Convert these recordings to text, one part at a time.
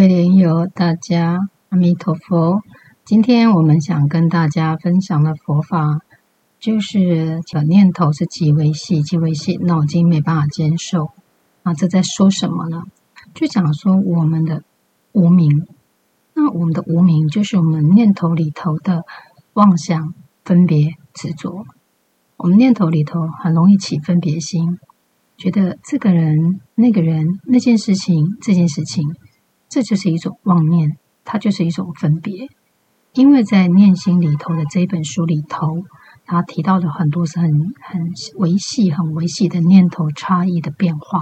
歡迎又大家，阿彌陀佛。今天我們想跟大家分享的佛法，就是小念頭是極微細，極微細，腦筋沒辦法接受啊。這在說什麼呢？就講說我們的無明。那我們的無明就是我們念頭裡頭的妄想、分別、執着。我們念頭裡頭很容易起分別心，覺得這個人、那個人、那件事情、這件事情。這就是一種妄念，它就是一種分別。因為在念心裡頭的這本書裡頭，它提到的很多是很很微細、很微細的念頭差異的變化。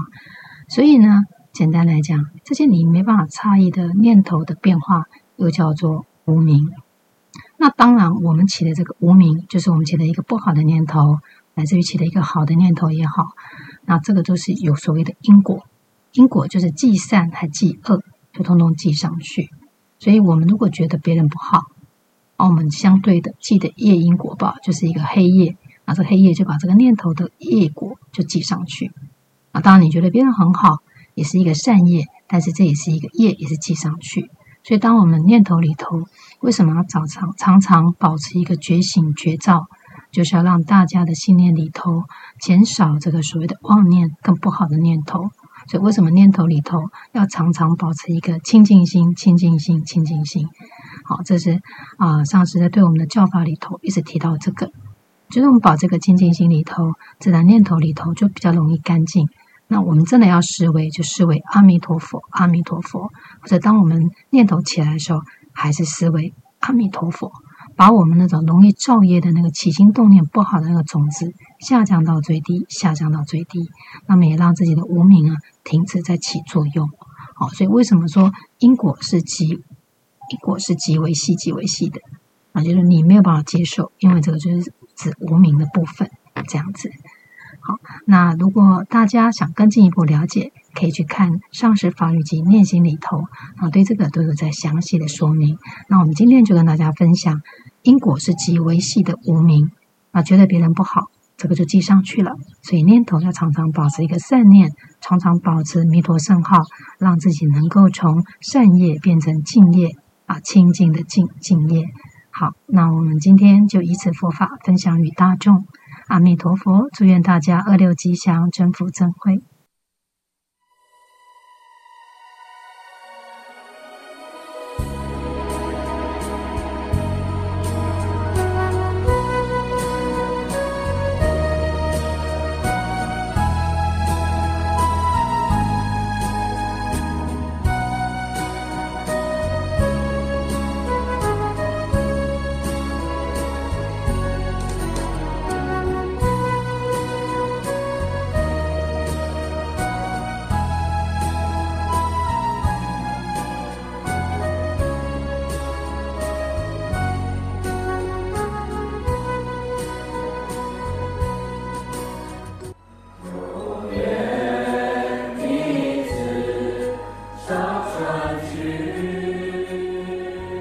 所以呢，簡單來講，這些你沒辦法差異的念頭的變化，又叫做無明。那當然，我們起的這個無明，就是我們起的一個不好的念頭，乃至於起的一個好的念頭也好，那這個都是有所謂的因果。因果就是既善還既惡。就通通記上去，所以我們如果覺得別人不好，哦、我們相對的記的業因果報就是一個黑業，啊，這黑業就把這個念頭的業果就記上去。啊，當然你覺得別人很好，也是一個善業，但是這也是一個業，也是記上去。所以，當我們念頭裡頭，為什麼要常常常常保持一個覺醒覺照，就是要讓大家的信念裡頭減少這個所謂的妄念跟不好的念頭。所以，為什麼念頭裡頭要常常保持一個清淨心、清淨心、清淨心？好，這是啊、呃，上次在對我們的教法裡頭一直提到這個，就是我們保這個清淨心裡頭，自然念頭裡頭就比較容易乾淨。那我們真的要思維，就思維阿彌陀佛，阿彌陀佛。或者，當我們念頭起來的時候，還是思維阿彌陀佛。把我們那種容易造業的那個起心動念不好的那個種子下降到最低，下降到最低，那麼也讓自己的無明啊停止在起作用。好，所以為什麼說因果是極，因果是極為細、極為細的啊？就是你沒有辦法接受，因為這個就是指無明的部分這樣子。好，那如果大家想更進一步了解。可以去看《上師法語及念心裡頭啊，對這個都有在詳細的說明。那我們今天就跟大家分享，因果是極微細的無明，啊，覺得別人不好，這個就記上去了。所以念頭要常常保持一個善念，常常保持彌陀聖號，讓自己能夠從善業變成淨業啊，清淨的淨淨業。好，那我們今天就以此佛法分享與大眾。阿彌陀佛，祝願大家二六吉祥，增福增慧。